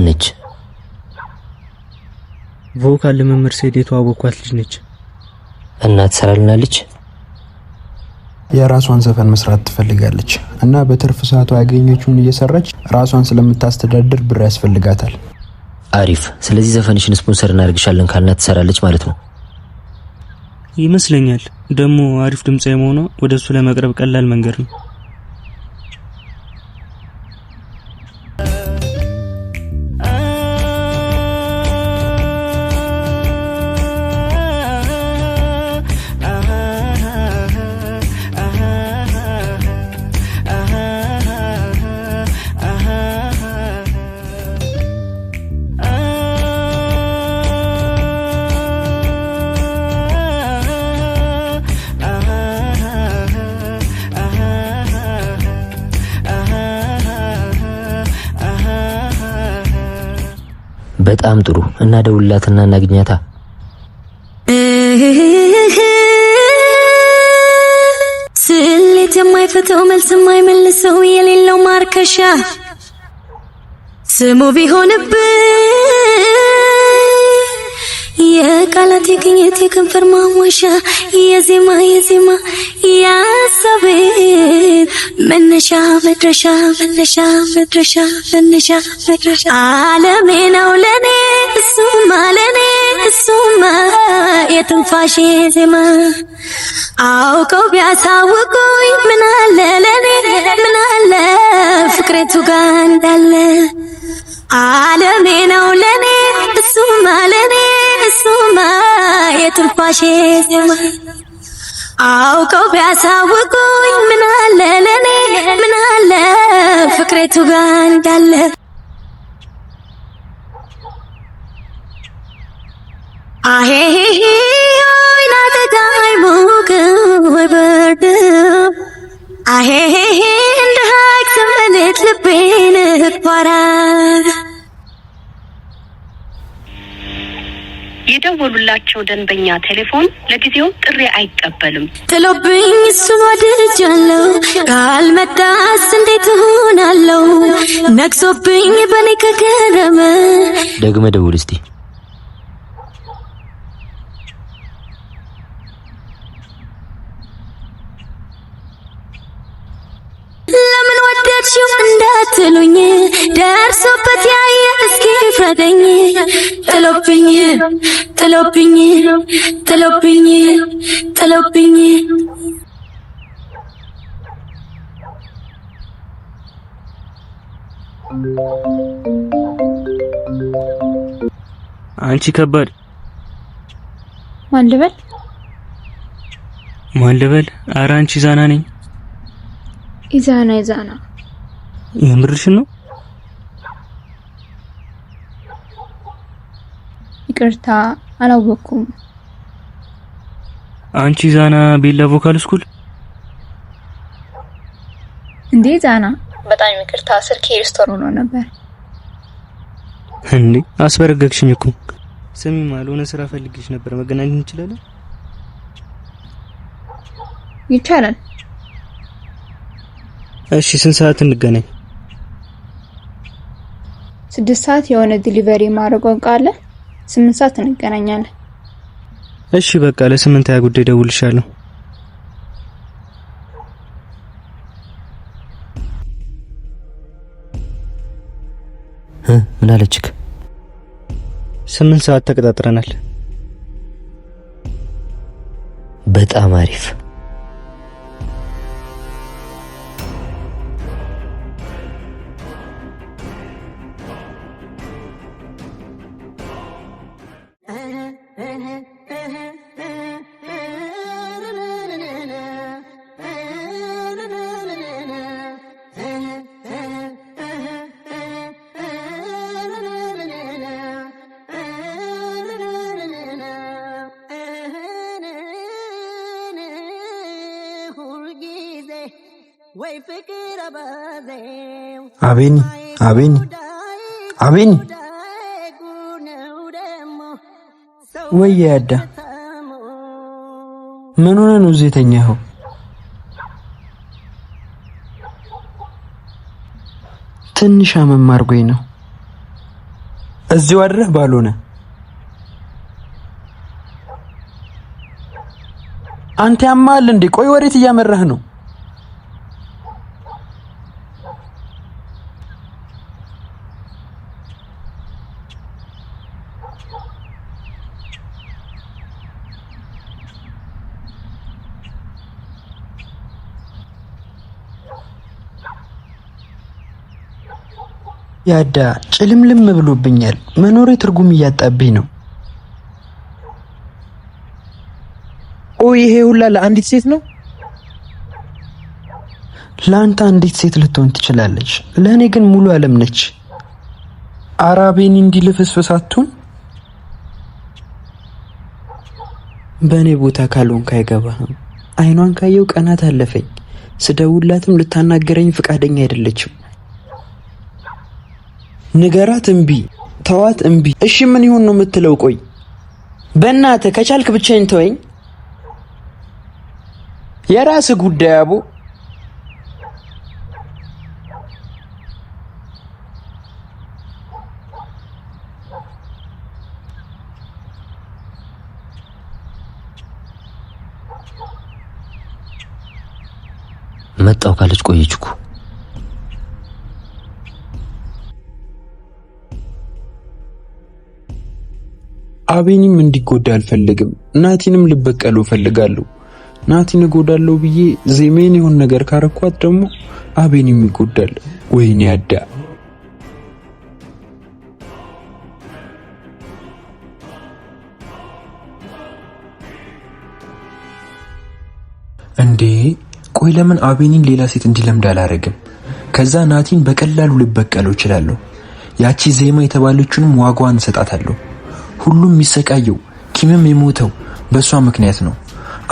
ማነች? ቮካል ለመምህር ስሄድ የተዋወቅኳት ልጅ ነች። እና ትሰራልናለች። የራሷን ዘፈን መስራት ትፈልጋለች እና በትርፍ ሰዓቷ ያገኘችውን እየሰራች ራሷን ስለምታስተዳድር ብር ያስፈልጋታል። አሪፍ። ስለዚህ ዘፈንሽን ስፖንሰር እናደርግሻለን ካልና ትሰራለች ማለት ነው ይመስለኛል። ደግሞ አሪፍ ድምጻዊ መሆኗ ወደ እሱ ለመቅረብ ቀላል መንገድ ነው። በጣም ጥሩ እና ደውላትና እናግኛታ። ስሌት የማይፈተው መልስ የማይመልሰው የሌለው ማርከሻ ስሙ ቢሆንብኝ የቃላት የቅኝት የከንፈር ማሞሻ የዜማ የዜማ ያሰብ መነሻ መድረሻ መነሻ መድረሻ መነሻ መድረሻ ዓለሜ ነው ለኔ እሱማ ለኔ እሱማ የትንፋሽ ዜማ አውቀው ቢያሳውቁኝ ምናለ ለኔ ምናለ ፍቅሬቱ ጋር እንዳለ ዓለሜ ነው ለኔ እሱማ ለኔ ሹማ የትንፋሼ ዜማ አውቀው ቢያሳውቁኝ ምናለ ለኔ ምናለ ፍቅሬቱ ጋር እንዳለ አሄሄ ይናጠቃይ ሙቅ ወይ ብርድ አሄሄ እንደ ሀቅ ስሜት ልቤን ኳራ የደወሉላቸው ደንበኛ ቴሌፎን ለጊዜው ጥሪ አይቀበልም። ጥሎብኝ እሱን ወድጃለሁ ካልመጣስ እንዴት እሆናለሁ? ነግሶብኝ በኔ ከገረመ ደግመ ደውል እስቲ። ለምን ወደድሽው እንዳትሉኝ ደርሶበት ያየ እስኪ ፍረደኝ ጥሎብኝ ጥሎብኝ ጥሎብኝ ጥሎብኝ አንቺ ከባድ ማን ልበል ማን ልበል? ኧረ አንቺ ዛና ነኝ። ኢዛና ኢዛና የምርሽን ነው ይቅርታ አላወቅኩም። አንቺ ዛና ቤላ ቮካል ስኩል እንዴ? ዛና በጣም ይቅርታ ስልክ ሪስቶር ሆኖ ነበር እንዴ? አስበረገግሽኝ እኮ። ስሚ ማልሆነ ስራ ፈልግሽ ነበር፣ መገናኘት እንችላለን? ይቻላል። እሺ፣ ስንት ሰዓት እንገናኝ? ስድስት ሰዓት የሆነ ዲሊቨሪ ማድረግ ወንቃለን ስምንት ሰዓት እንገናኛለን። እሺ በቃ ለስምንት ሀያ ጉዳይ ደውልሻለሁ። ምን አለችክ? ስምንት ሰዓት ተቀጣጥረናል። በጣም አሪፍ አቤኒ አቤኒ አቤኒ ወይ ያዳ ምን ሆነ ነው እዚህ የተኛኸው? ትንሽ አመም አድርጎኝ ነው። እዚሁ አድረህ ባልሆነ አንተ ያማል እንዴ? ቆይ ወዴት እያመራህ ነው? ያዳ ጭልምልም ብሎብኛል። መኖሬ ትርጉም እያጣብኝ ነው። ኦ ይሄ ሁላ ለአንዲት ሴት ነው? ለአንተ አንዲት ሴት ልትሆን ትችላለች፣ ለእኔ ግን ሙሉ ዓለም ነች። አራቤን እንዲልፍስፍሳቱን በእኔ ቦታ ካልሆንክ አይገባህም። አይኗን ካየው ቀናት አለፈኝ። ስደውላትም ልታናገረኝ ፈቃደኛ አይደለችም። ንገራት እምቢ፣ ተዋት እምቢ። እሺ ምን ይሁን ነው የምትለው? ቆይ በእናተ ከቻልክ ብቻዬን ተወኝ። የራስ ጉዳይ አቦ። መጣው ካለች ቆየች እኮ አቤኒም እንዲጎዳ አልፈልግም። ናቲንም ልበቀለው እፈልጋለሁ። ናቲን እጎዳለሁ ብዬ ዜሜን የሆን ነገር ካረኳት ደግሞ አቤኒም ይጎዳል። ወይኔ ያዳ እንዴ! ቆይ ለምን አቤኒን ሌላ ሴት እንዲለምድ አላረግም? ከዛ ናቲን በቀላሉ ልበቀለው እችላለሁ። ያቺ ዜማ የተባለችውንም ዋጋዋን እሰጣታለሁ። ሁሉም የሚሰቃየው ኪምም የሞተው በእሷ ምክንያት ነው።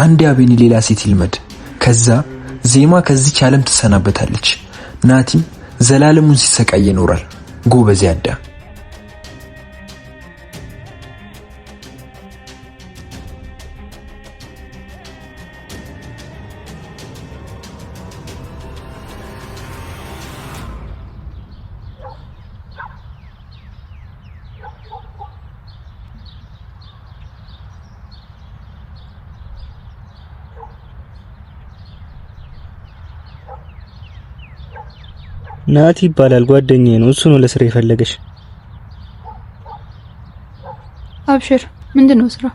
አንድ አቤኒ ሌላ ሴት ይልመድ፣ ከዛ ዜማ ከዚች ዓለም ትሰናበታለች። ናቲም ዘላለሙን ሲሰቃይ ይኖራል። ጎበዝ ያዳ ናቲ ይባላል ጓደኛዬ ነው። እሱ ነው ለስራ የፈለገሽ። አብሽር ምንድን ነው ስራ?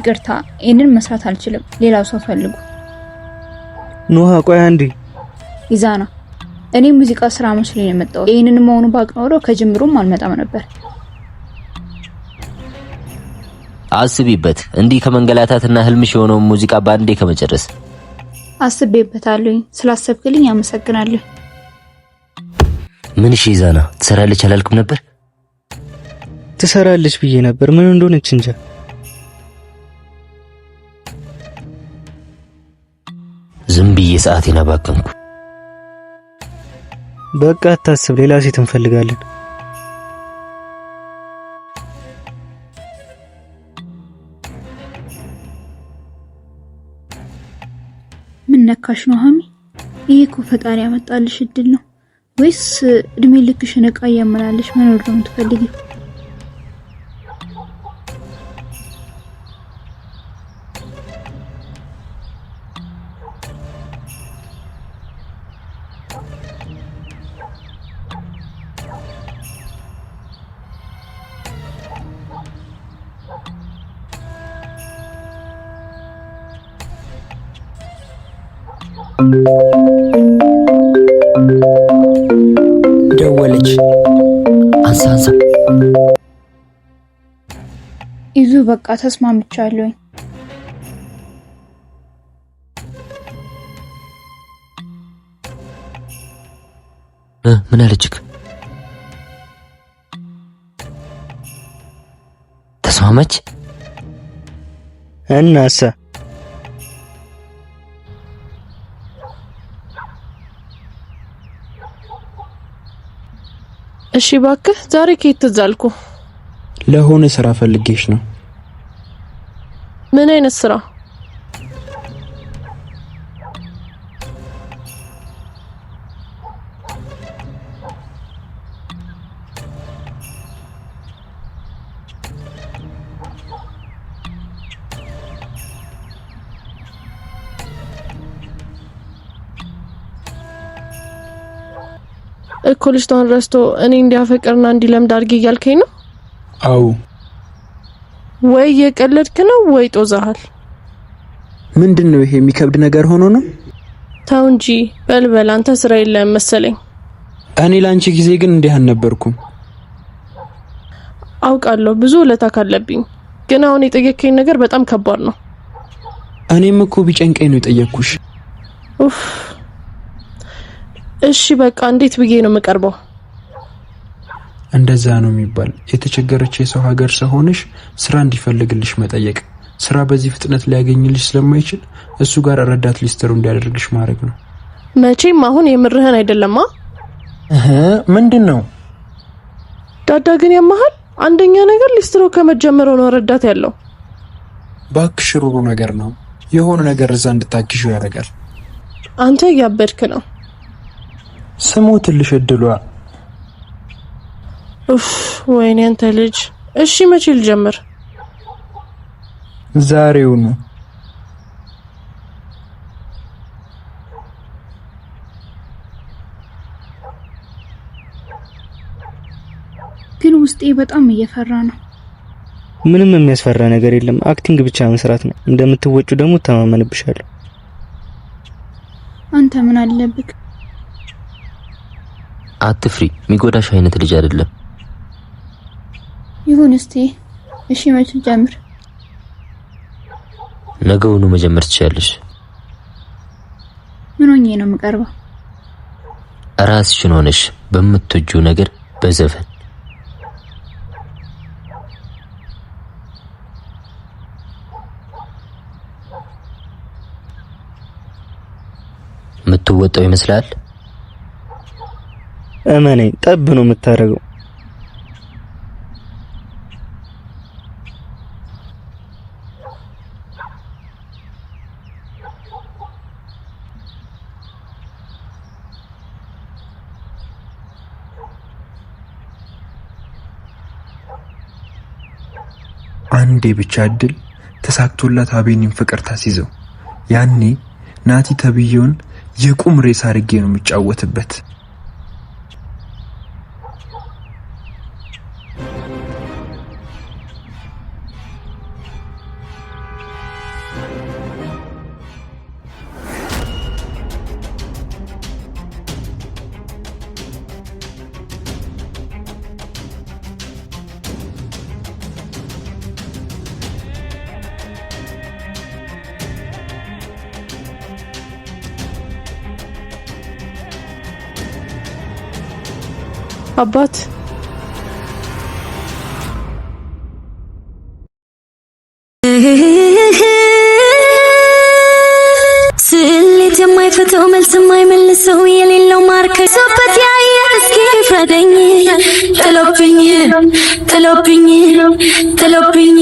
ይቅርታ፣ ይህንን መስራት አልችልም። ሌላው ሰው ፈልጉ። ኖሃ ቆይ አንዴ ይዛና እኔ ሙዚቃ ስራ መስሎኝ ነው የመጣሁት። ይህንን መሆኑ ባቅ ኖሮ ከጅምሩም አልመጣም ነበር። አስቢበት። እንዲህ ከመንገላታትና ህልምሽ የሆነውን ሙዚቃ በአንዴ ከመጨረስ አስቤበታለሁ። ስላሰብክልኝ አመሰግናለሁ። ምን እሺ፣ ይዛና ትሰራለች አላልኩም ነበር? ትሰራለች ብዬ ነበር። ምን እንደሆነች እንጃ። ዝም ብዬ ሰዓቴን አባከንኩ። በቃ አታስብ፣ ሌላ ሴት እንፈልጋለን። ምን ነካሽ ነው ሀሚ? ይሄ እኮ ፈጣሪ ያመጣልሽ እድል ነው። ወይስ እድሜ ልክሽን እቃ እያመላለሽ መኖር ነው የምትፈልጊው? ደወለች። አንሳ ይዙ በቃ ተስማምቻለሁኝ። ምን አለችክ? ተስማመች እናሰ እሺ እባክህ ዛሬ ከየት ትዝ ለሆነ ስራ ፈልጌሽ ነው። ምን አይነት ስራ? እኮ ልጅቷን ረስቶ እኔ እንዲያፈቅርና እንዲለምድ አድርጌ እያልከኝ ነው? አዎ። ወይ የቀለድክ ነው ወይ ጦዛሃል። ምንድን ነው ይሄ? የሚከብድ ነገር ሆኖ ነው? ተው እንጂ በልበል። አንተ ስራ የለም መሰለኝ። እኔ ለአንቺ ጊዜ ግን እንዲህ አልነበርኩም። አውቃለሁ ብዙ ውለታ ካለብኝ፣ ግን አሁን የጠየከኝ ነገር በጣም ከባድ ነው። እኔም እኮ ቢጨንቀኝ ነው የጠየቅኩሽ። ኡፍ እሺ በቃ እንዴት ብዬ ነው የምቀርበው? እንደዛ ነው የሚባል የተቸገረች የሰው ሀገር ሰሆንሽ ስራ እንዲፈልግልሽ መጠየቅ፣ ስራ በዚህ ፍጥነት ሊያገኝልሽ ስለማይችል እሱ ጋር ረዳት ሊስተሩ እንዲያደርግሽ ማድረግ ነው። መቼም አሁን የምርህን አይደለማ። ምንድን ነው ዳዳ ግን ያመሃል። አንደኛ ነገር ሊስትሮ ከመጀመሩ ነው ረዳት ያለው። ባክሽ ሩሩ ነገር ነው የሆነ ነገር እዛ እንድታኪሹ ያደርጋል። አንተ እያበድክ ነው። ስሙ ትልሽ እድሏ። ኡፍ ወይኔ አንተ ልጅ። እሺ መቼ ልጀምር? ዛሬውኑ። ግን ውስጤ በጣም እየፈራ ነው። ምንም የሚያስፈራ ነገር የለም። አክቲንግ ብቻ መስራት ነው። እንደምትወጩ ደግሞ ተማመንብሻለሁ? አንተ ምን አለብክ? አትፍሪ፣ የሚጎዳሽ አይነት ልጅ አይደለም። ይሁን እስቲ እሺ፣ መቼ ጀምር? ነገውኑ መጀመር ትችያለሽ። ምን ሆኜ ነው የምቀርበው? ራስሽን ሆነሽ በምትወጂው ነገር በዘፈን የምትወጣው ይመስላል። እመነኝ፣ ጠብ ነው የምታደርገው። አንዴ ብቻ እድል ተሳክቶላት አቤኒን ፍቅር ታስይዘው ያኔ ናቲ ተብዬውን የቁም ሬስ አድርጌ ነው የሚጫወትበት። አባት ስሌት የማይፈተው መልስ የማይመልሰው የሌለው ማርከ ሰበት ያየ እስኪ ፍረደኝ ጥሎብኝ ጥሎብኝ ጥሎብኝ